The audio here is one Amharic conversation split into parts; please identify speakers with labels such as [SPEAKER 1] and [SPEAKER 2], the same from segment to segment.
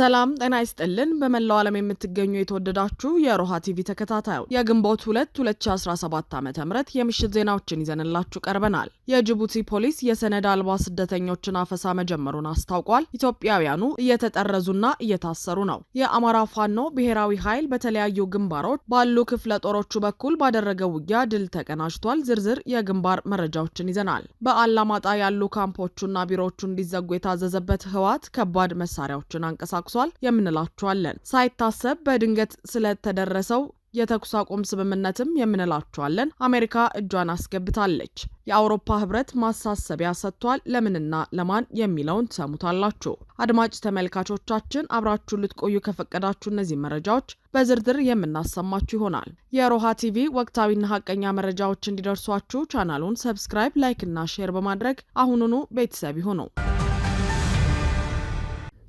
[SPEAKER 1] ሰላም ጤና ይስጥልን። በመላው ዓለም የምትገኙ የተወደዳችሁ የሮሃ ቲቪ ተከታታዩ። የግንቦት ሁለት 2017 ዓ ም የምሽት ዜናዎችን ይዘንላችሁ ቀርበናል። የጅቡቲ ፖሊስ የሰነድ አልባ ስደተኞችን አፈሳ መጀመሩን አስታውቋል። ኢትዮጵያውያኑ እየተጠረዙና እየታሰሩ ነው። የአማራ ፋኖ ብሔራዊ ኃይል በተለያዩ ግንባሮች ባሉ ክፍለ ጦሮቹ በኩል ባደረገው ውጊያ ድል ተቀናጅቷል። ዝርዝር የግንባር መረጃዎችን ይዘናል። በአላማጣ ያሉ ካምፖቹና ቢሮዎቹ እንዲዘጉ የታዘዘበት ህወሓት ከባድ መሳሪያዎችን አንቀሳቅሷል። ተኩሷል የምንላችኋለን። ሳይታሰብ በድንገት ስለተደረሰው የተኩስ አቁም ስምምነትም የምንላችኋለን። አሜሪካ እጇን አስገብታለች። የአውሮፓ ህብረት ማሳሰቢያ ሰጥቷል። ለምንና ለማን የሚለውን ትሰሙታላችሁ። አድማጭ ተመልካቾቻችን አብራችሁን ልትቆዩ ከፈቀዳችሁ እነዚህ መረጃዎች በዝርዝር የምናሰማችሁ ይሆናል። የሮሃ ቲቪ ወቅታዊና ሀቀኛ መረጃዎች እንዲደርሷችሁ ቻናሉን ሰብስክራይብ፣ ላይክ እና ሼር በማድረግ አሁኑኑ ቤተሰብ ይሁኑ።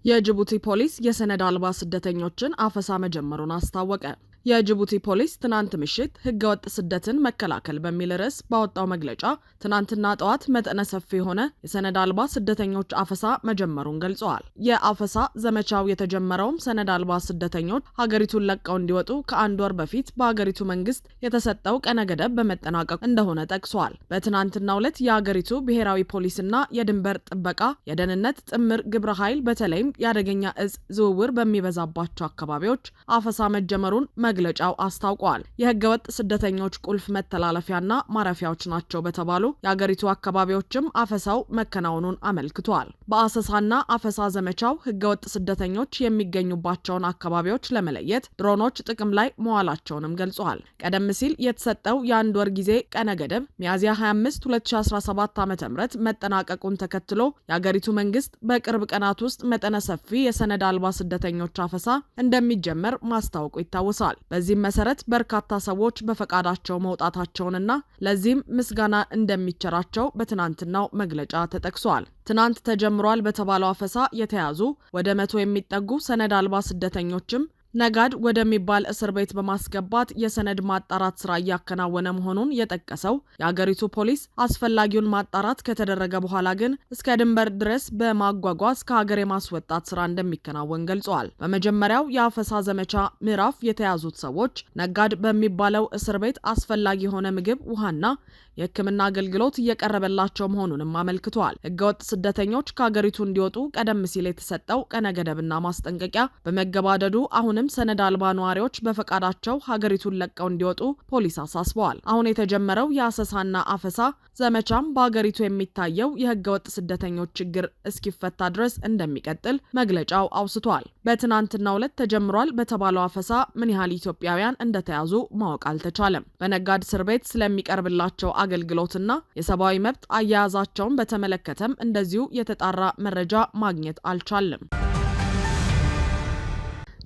[SPEAKER 1] የጅቡቲ ፖሊስ የሰነድ አልባ ስደተኞችን አፈሳ መጀመሩን አስታወቀ። የጅቡቲ ፖሊስ ትናንት ምሽት ህገወጥ ስደትን መከላከል በሚል ርዕስ ባወጣው መግለጫ ትናንትና ጠዋት መጠነ ሰፊ የሆነ የሰነድ አልባ ስደተኞች አፈሳ መጀመሩን ገልጸዋል። የአፈሳ ዘመቻው የተጀመረውም ሰነድ አልባ ስደተኞች ሀገሪቱን ለቀው እንዲወጡ ከአንድ ወር በፊት በሀገሪቱ መንግስት የተሰጠው ቀነ ገደብ በመጠናቀቁ እንደሆነ ጠቅሷል። በትናንትና ዕለት የሀገሪቱ ብሔራዊ ፖሊስና የድንበር ጥበቃ የደህንነት ጥምር ግብረ ኃይል በተለይም የአደገኛ እጽ ዝውውር በሚበዛባቸው አካባቢዎች አፈሳ መጀመሩን መግለጫው አስታውቋል። የህገወጥ ስደተኞች ቁልፍ መተላለፊያና ማረፊያዎች ናቸው በተባሉ የአገሪቱ አካባቢዎችም አፈሳው መከናወኑን አመልክቷል። በአሰሳና አፈሳ ዘመቻው ህገወጥ ስደተኞች የሚገኙባቸውን አካባቢዎች ለመለየት ድሮኖች ጥቅም ላይ መዋላቸውንም ገልጿል። ቀደም ሲል የተሰጠው የአንድ ወር ጊዜ ቀነ ገደብ ሚያዝያ 25 2017 ዓ ም መጠናቀቁን ተከትሎ የአገሪቱ መንግስት በቅርብ ቀናት ውስጥ መጠነ ሰፊ የሰነድ አልባ ስደተኞች አፈሳ እንደሚጀመር ማስታወቁ ይታወሳል። በዚህም መሰረት በርካታ ሰዎች በፈቃዳቸው መውጣታቸውንና ለዚህም ምስጋና እንደሚቸራቸው በትናንትናው መግለጫ ተጠቅሷል። ትናንት ተጀምሯል በተባለው አፈሳ የተያዙ ወደ መቶ የሚጠጉ ሰነድ አልባ ስደተኞችም ነጋድ ወደሚባል እስር ቤት በማስገባት የሰነድ ማጣራት ስራ እያከናወነ መሆኑን የጠቀሰው የአገሪቱ ፖሊስ አስፈላጊውን ማጣራት ከተደረገ በኋላ ግን እስከ ድንበር ድረስ በማጓጓዝ ከሀገር የማስወጣት ስራ እንደሚከናወን ገልጸዋል። በመጀመሪያው የአፈሳ ዘመቻ ምዕራፍ የተያዙት ሰዎች ነጋድ በሚባለው እስር ቤት አስፈላጊ የሆነ ምግብ፣ ውሃና የሕክምና አገልግሎት እየቀረበላቸው መሆኑንም አመልክተዋል። ህገወጥ ስደተኞች ከሀገሪቱ እንዲወጡ ቀደም ሲል የተሰጠው ቀነ ገደብና ማስጠንቀቂያ በመገባደዱ አሁን ቢሆንም ሰነድ አልባ ነዋሪዎች በፈቃዳቸው ሀገሪቱን ለቀው እንዲወጡ ፖሊስ አሳስበዋል። አሁን የተጀመረው የአሰሳና አፈሳ ዘመቻም በሀገሪቱ የሚታየው የህገወጥ ስደተኞች ችግር እስኪፈታ ድረስ እንደሚቀጥል መግለጫው አውስቷል። በትናንትናው ዕለት ተጀምሯል በተባለው አፈሳ ምን ያህል ኢትዮጵያውያን እንደተያዙ ማወቅ አልተቻለም። በነጋድ እስር ቤት ስለሚቀርብላቸው አገልግሎትና የሰብአዊ መብት አያያዛቸውን በተመለከተም እንደዚሁ የተጣራ መረጃ ማግኘት አልቻለም።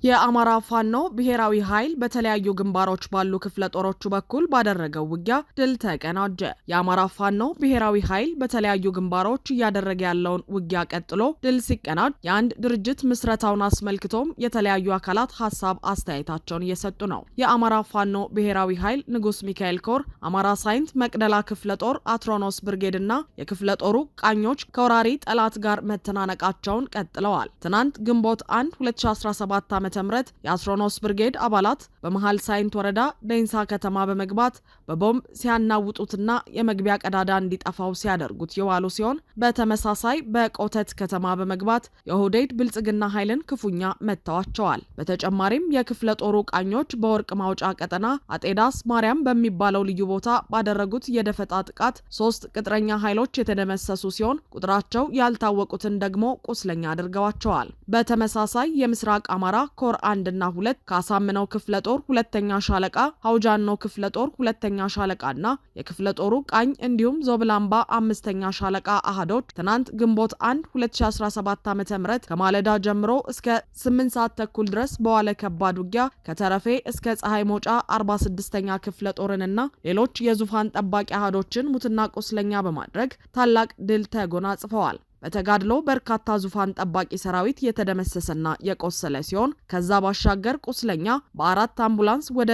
[SPEAKER 1] የአማራ ፋኖ ብሔራዊ ኃይል በተለያዩ ግንባሮች ባሉ ክፍለ ጦሮቹ በኩል ባደረገው ውጊያ ድል ተቀናጀ። የአማራ ፋኖ ብሔራዊ ኃይል በተለያዩ ግንባሮች እያደረገ ያለውን ውጊያ ቀጥሎ ድል ሲቀናጅ የአንድ ድርጅት ምስረታውን አስመልክቶም የተለያዩ አካላት ሀሳብ አስተያየታቸውን እየሰጡ ነው። የአማራ ፋኖ ብሔራዊ ኃይል ንጉስ ሚካኤል ኮር አማራ ሳይንት መቅደላ ክፍለ ጦር አትሮኖስ ብርጌድ እና የክፍለ ጦሩ ቃኞች ከወራሪ ጠላት ጋር መተናነቃቸውን ቀጥለዋል። ትናንት ግንቦት 1 2017 ዓ የ አስሮኖስ ብርጌድ አባላት በመሀል ሳይንት ወረዳ ደንሳ ከተማ በመግባት በቦምብ ሲያናውጡትና የመግቢያ ቀዳዳ እንዲጠፋው ሲያደርጉት የዋሉ ሲሆን በተመሳሳይ በቆተት ከተማ በመግባት የሆዴድ ብልጽግና ኃይልን ክፉኛ መጥተዋቸዋል። በተጨማሪም የክፍለ ጦሩ ቃኞች በወርቅ ማውጫ ቀጠና አጤዳስ ማርያም በሚባለው ልዩ ቦታ ባደረጉት የደፈጣ ጥቃት ሶስት ቅጥረኛ ኃይሎች የተደመሰሱ ሲሆን ቁጥራቸው ያልታወቁትን ደግሞ ቁስለኛ አድርገዋቸዋል። በተመሳሳይ የምስራቅ አማራ ኮር አንድና ሁለት ከአሳምነው ክፍለ ጦር ሁለተኛ ሻለቃ ሀውጃኖ ክፍለ ጦር ሁለተኛ አራተኛ ሻለቃና የክፍለ ጦሩ ቃኝ እንዲሁም ዞብላምባ አምስተኛ ሻለቃ አህዶች ትናንት ግንቦት 1 2017 ዓ ም ከማለዳ ጀምሮ እስከ 8 ሰዓት ተኩል ድረስ በዋለ ከባድ ውጊያ ከተረፌ እስከ ፀሐይ መውጫ 46ኛ ክፍለ ጦርንና ሌሎች የዙፋን ጠባቂ አህዶችን ሙትና ቁስለኛ በማድረግ ታላቅ ድል ተጎናጽፈዋል። በተጋድሎ በርካታ ዙፋን ጠባቂ ሰራዊት የተደመሰሰና የቆሰለ ሲሆን ከዛ ባሻገር ቁስለኛ በአራት አምቡላንስ ወደ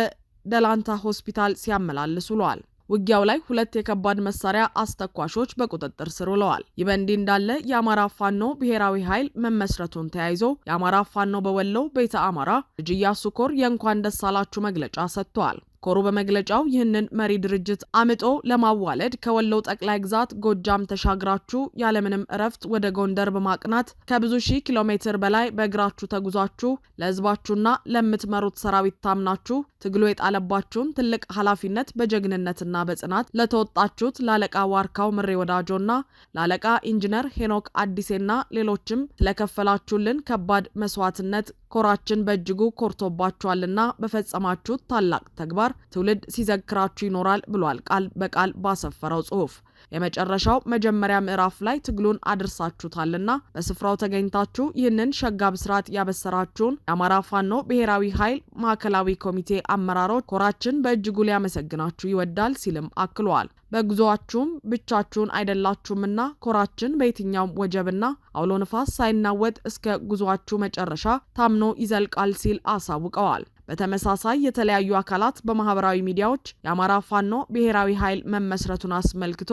[SPEAKER 1] ደላንታ ሆስፒታል ሲያመላልስ ውሏል። ውጊያው ላይ ሁለት የከባድ መሳሪያ አስተኳሾች በቁጥጥር ስር ውለዋል። ይህ በእንዲህ እንዳለ የአማራ ፋኖ ብሔራዊ ኃይል መመስረቱን ተያይዞ የአማራ ፋኖ በወሎ ቤተ አማራ ልጅ ኢያሱ ኮር የእንኳን ደስ አላችሁ መግለጫ ሰጥተዋል። ኮሮ በመግለጫው ይህንን መሪ ድርጅት አምጦ ለማዋለድ ከወሎ ጠቅላይ ግዛት ጎጃም ተሻግራችሁ ያለምንም እረፍት ወደ ጎንደር በማቅናት ከብዙ ሺህ ኪሎ ሜትር በላይ በእግራችሁ ተጉዛችሁ ለህዝባችሁና ለምትመሩት ሰራዊት ታምናችሁ ትግሉ የጣለባችሁን ትልቅ ኃላፊነት በጀግንነትና በጽናት ለተወጣችሁት ለአለቃ ዋርካው ምሬ ወዳጆና ለአለቃ ኢንጂነር ሄኖክ አዲሴና ሌሎችም ስለከፈላችሁልን ከባድ መስዋዕትነት ኮራችን በእጅጉ ኮርቶባችኋልና በፈጸማችሁት ታላቅ ተግባር ጋር ትውልድ ሲዘክራችሁ ይኖራል ብሏል ቃል በቃል ባሰፈረው ጽሁፍ። የመጨረሻው መጀመሪያ ምዕራፍ ላይ ትግሉን አድርሳችሁታልና በስፍራው ተገኝታችሁ ይህንን ሸጋብ ስርዓት ያበሰራችሁን የአማራ ፋኖ ብሔራዊ ኃይል ማዕከላዊ ኮሚቴ አመራሮች ኮራችን በእጅጉ ሊያመሰግናችሁ ይወዳል ሲልም አክሏል። በጉዞአችሁም ብቻችሁን አይደላችሁምና ኮራችን በየትኛውም ወጀብና አውሎ ንፋስ ሳይናወጥ እስከ ጉዞአችሁ መጨረሻ ታምኖ ይዘልቃል ሲል አሳውቀዋል። በተመሳሳይ የተለያዩ አካላት በማህበራዊ ሚዲያዎች የአማራ ፋኖ ብሔራዊ ኃይል መመስረቱን አስመልክቶ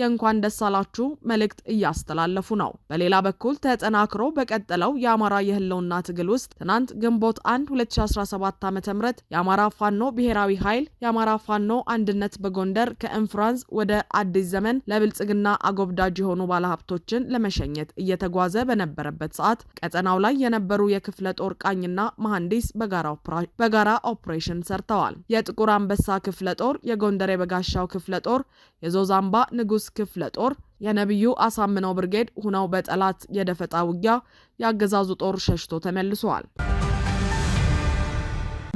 [SPEAKER 1] የእንኳን ደስ አላችሁ መልእክት እያስተላለፉ ነው። በሌላ በኩል ተጠናክሮ በቀጠለው የአማራ የህልውና ትግል ውስጥ ትናንት ግንቦት 1 2017 ዓ ም የአማራ ፋኖ ብሔራዊ ኃይል የአማራ ፋኖ አንድነት በጎንደር ከኢንፍራንስ ወደ አዲስ ዘመን ለብልጽግና አጎብዳጅ የሆኑ ባለሀብቶችን ለመሸኘት እየተጓዘ በነበረበት ሰዓት ቀጠናው ላይ የነበሩ የክፍለ ጦር ቃኝና መሐንዲስ በጋራው ፕራ በመባል በጋራ ኦፕሬሽን ሰርተዋል። የጥቁር አንበሳ ክፍለ ጦር፣ የጎንደር የበጋሻው ክፍለ ጦር፣ የዞዛምባ ንጉሥ ክፍለ ጦር የነቢዩ አሳምነው ብርጌድ ሁነው በጠላት የደፈጣ ውጊያ የአገዛዙ ጦር ሸሽቶ ተመልሷል።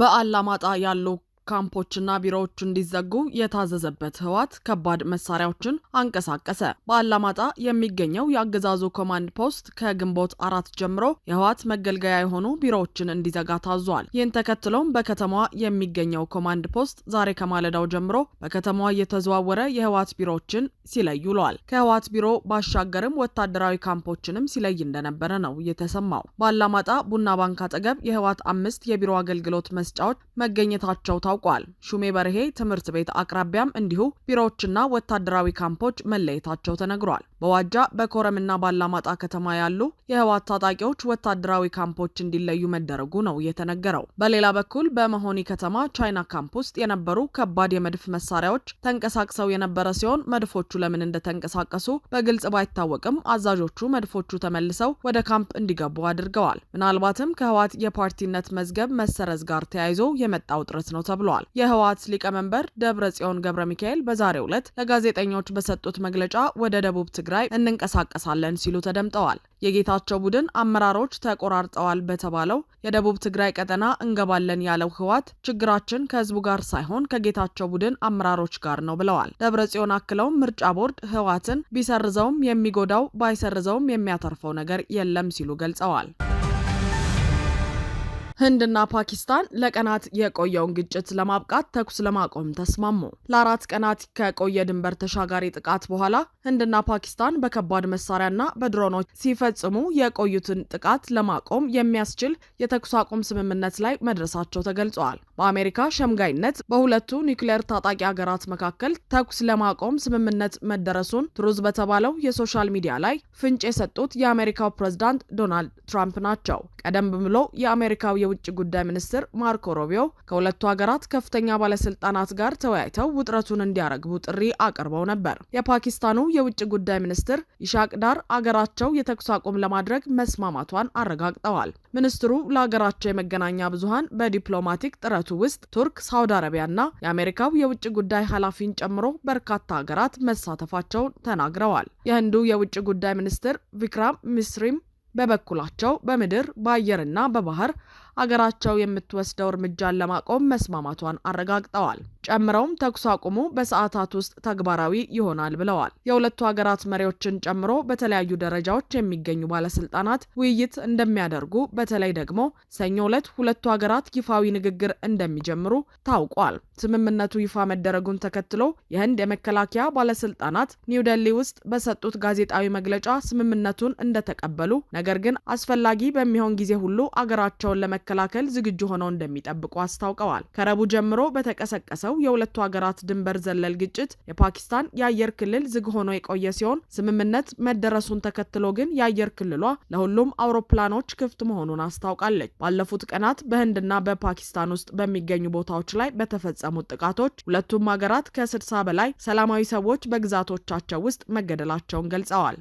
[SPEAKER 1] በአላማጣ ያሉ ካምፖችና ቢሮዎቹ እንዲዘጉ የታዘዘበት ህወሓት ከባድ መሳሪያዎችን አንቀሳቀሰ። በአላማጣ የሚገኘው የአገዛዙ ኮማንድ ፖስት ከግንቦት አራት ጀምሮ የህወሓት መገልገያ የሆኑ ቢሮዎችን እንዲዘጋ ታዟል። ይህን ተከትሎም በከተማዋ የሚገኘው ኮማንድ ፖስት ዛሬ ከማለዳው ጀምሮ በከተማዋ እየተዘዋወረ የህወሓት ቢሮዎችን ሲለይ ውሏል። ከህወሓት ቢሮ ባሻገርም ወታደራዊ ካምፖችንም ሲለይ እንደነበረ ነው የተሰማው። በአላማጣ ቡና ባንክ አጠገብ የህወሓት አምስት የቢሮ አገልግሎት መስጫዎች መገኘታቸው ታውቋል። አስታውቋል። ሹሜ በርሄ ትምህርት ቤት አቅራቢያም እንዲሁ ቢሮዎችና ወታደራዊ ካምፖች መለየታቸው ተነግሯል። በዋጃ በኮረምና ባላማጣ ከተማ ያሉ የህወሓት ታጣቂዎች ወታደራዊ ካምፖች እንዲለዩ መደረጉ ነው የተነገረው። በሌላ በኩል በመሆኒ ከተማ ቻይና ካምፕ ውስጥ የነበሩ ከባድ የመድፍ መሳሪያዎች ተንቀሳቅሰው የነበረ ሲሆን መድፎቹ ለምን እንደተንቀሳቀሱ በግልጽ ባይታወቅም አዛዦቹ መድፎቹ ተመልሰው ወደ ካምፕ እንዲገቡ አድርገዋል። ምናልባትም ከህወሓት የፓርቲነት መዝገብ መሰረዝ ጋር ተያይዞ የመጣ ውጥረት ነው ተብሏል። ብሏል። የህወሓት ሊቀመንበር ደብረ ጽዮን ገብረ ሚካኤል በዛሬው ዕለት ለጋዜጠኞች በሰጡት መግለጫ ወደ ደቡብ ትግራይ እንንቀሳቀሳለን ሲሉ ተደምጠዋል። የጌታቸው ቡድን አመራሮች ተቆራርጠዋል በተባለው የደቡብ ትግራይ ቀጠና እንገባለን ያለው ህወሓት ችግራችን ከህዝቡ ጋር ሳይሆን ከጌታቸው ቡድን አመራሮች ጋር ነው ብለዋል። ደብረ ጽዮን አክለውም ምርጫ ቦርድ ህወሓትን ቢሰርዘውም የሚጎዳው ባይሰርዘውም የሚያተርፈው ነገር የለም ሲሉ ገልጸዋል። ህንድና ፓኪስታን ለቀናት የቆየውን ግጭት ለማብቃት ተኩስ ለማቆም ተስማሙ። ለአራት ቀናት ከቆየ ድንበር ተሻጋሪ ጥቃት በኋላ ህንድና ፓኪስታን በከባድ መሳሪያና በድሮኖች ሲፈጽሙ የቆዩትን ጥቃት ለማቆም የሚያስችል የተኩስ አቁም ስምምነት ላይ መድረሳቸው ተገልጸዋል። በአሜሪካ ሸምጋይነት በሁለቱ ኒውክሌር ታጣቂ ሀገራት መካከል ተኩስ ለማቆም ስምምነት መደረሱን ትሩዝ በተባለው የሶሻል ሚዲያ ላይ ፍንጭ የሰጡት የአሜሪካው ፕሬዝዳንት ዶናልድ ትራምፕ ናቸው። ቀደም ብሎ የአሜሪካው የውጭ ጉዳይ ሚኒስትር ማርኮ ሮቢዮ ከሁለቱ ሀገራት ከፍተኛ ባለስልጣናት ጋር ተወያይተው ውጥረቱን እንዲያረግቡ ጥሪ አቅርበው ነበር። የፓኪስታኑ የውጭ ጉዳይ ሚኒስትር ኢሻቅ ዳር አገራቸው የተኩስ አቁም ለማድረግ መስማማቷን አረጋግጠዋል። ሚኒስትሩ ለሀገራቸው የመገናኛ ብዙኃን በዲፕሎማቲክ ጥረቱ ሀገሪቱ ውስጥ ቱርክ፣ ሳውዲ አረቢያና የአሜሪካው የውጭ ጉዳይ ኃላፊን ጨምሮ በርካታ ሀገራት መሳተፋቸውን ተናግረዋል። የህንዱ የውጭ ጉዳይ ሚኒስትር ቪክራም ሚስሪም በበኩላቸው በምድር በአየርና በባህር አገራቸው የምትወስደው እርምጃን ለማቆም መስማማቷን አረጋግጠዋል። ጨምረውም ተኩስ አቁሙ በሰዓታት ውስጥ ተግባራዊ ይሆናል ብለዋል። የሁለቱ ሀገራት መሪዎችን ጨምሮ በተለያዩ ደረጃዎች የሚገኙ ባለስልጣናት ውይይት እንደሚያደርጉ በተለይ ደግሞ ሰኞ ዕለት ሁለቱ ሀገራት ይፋዊ ንግግር እንደሚጀምሩ ታውቋል። ስምምነቱ ይፋ መደረጉን ተከትሎ የህንድ የመከላከያ ባለስልጣናት ኒው ደሊ ውስጥ በሰጡት ጋዜጣዊ መግለጫ ስምምነቱን እንደተቀበሉ ነገር ግን አስፈላጊ በሚሆን ጊዜ ሁሉ አገራቸውን ለመከ ለመከላከል ዝግጁ ሆነው እንደሚጠብቁ አስታውቀዋል። ከረቡ ጀምሮ በተቀሰቀሰው የሁለቱ ሀገራት ድንበር ዘለል ግጭት የፓኪስታን የአየር ክልል ዝግ ሆኖ የቆየ ሲሆን ስምምነት መደረሱን ተከትሎ ግን የአየር ክልሏ ለሁሉም አውሮፕላኖች ክፍት መሆኑን አስታውቃለች። ባለፉት ቀናት በህንድና በፓኪስታን ውስጥ በሚገኙ ቦታዎች ላይ በተፈጸሙት ጥቃቶች ሁለቱም ሀገራት ከስድሳ በላይ ሰላማዊ ሰዎች በግዛቶቻቸው ውስጥ መገደላቸውን ገልጸዋል።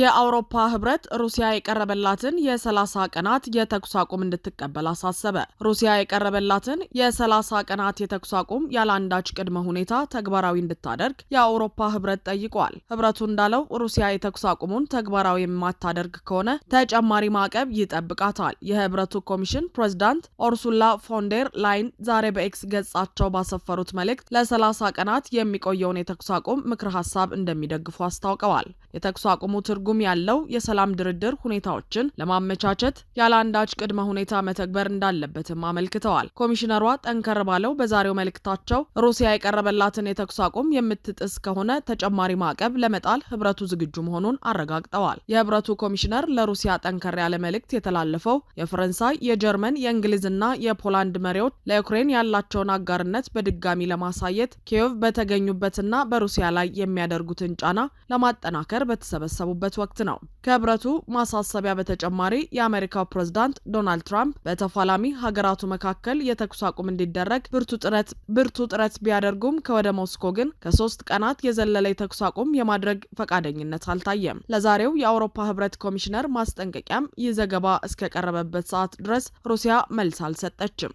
[SPEAKER 1] የአውሮፓ ህብረት ሩሲያ የቀረበላትን የ30 ቀናት የተኩስ አቁም እንድትቀበል አሳሰበ። ሩሲያ የቀረበላትን የ30 ቀናት የተኩስ አቁም ያለአንዳች ቅድመ ሁኔታ ተግባራዊ እንድታደርግ የአውሮፓ ህብረት ጠይቋል። ህብረቱ እንዳለው ሩሲያ የተኩስ አቁሙን ተግባራዊ የማታደርግ ከሆነ ተጨማሪ ማዕቀብ ይጠብቃታል። የህብረቱ ኮሚሽን ፕሬዚዳንት ኦርሱላ ፎንዴር ላይን ዛሬ በኤክስ ገጻቸው ባሰፈሩት መልእክት ለ30 ቀናት የሚቆየውን የተኩስ አቁም ምክር ሀሳብ እንደሚደግፉ አስታውቀዋል። የተኩስ አቁሙ ትርጉ ትርጉም ያለው የሰላም ድርድር ሁኔታዎችን ለማመቻቸት ያለ አንዳች ቅድመ ሁኔታ መተግበር እንዳለበትም አመልክተዋል። ኮሚሽነሯ ጠንከር ባለው በዛሬው መልእክታቸው ሩሲያ የቀረበላትን የተኩስ አቁም የምትጥስ ከሆነ ተጨማሪ ማዕቀብ ለመጣል ህብረቱ ዝግጁ መሆኑን አረጋግጠዋል። የህብረቱ ኮሚሽነር ለሩሲያ ጠንከር ያለ መልእክት የተላለፈው የፈረንሳይ፣ የጀርመን፣ የእንግሊዝና የፖላንድ መሪዎች ለዩክሬን ያላቸውን አጋርነት በድጋሚ ለማሳየት ኪየቭ በተገኙበትና በሩሲያ ላይ የሚያደርጉትን ጫና ለማጠናከር በተሰበሰቡበት በነበረበት ወቅት ነው። ከህብረቱ ማሳሰቢያ በተጨማሪ የአሜሪካው ፕሬዝዳንት ዶናልድ ትራምፕ በተፋላሚ ሀገራቱ መካከል የተኩስ አቁም እንዲደረግ ብርቱ ጥረት ቢያደርጉም ከወደ ሞስኮ ግን ከሶስት ቀናት የዘለለ የተኩስ አቁም የማድረግ ፈቃደኝነት አልታየም። ለዛሬው የአውሮፓ ህብረት ኮሚሽነር ማስጠንቀቂያም ይህ ዘገባ እስከቀረበበት ሰዓት ድረስ ሩሲያ መልስ አልሰጠችም።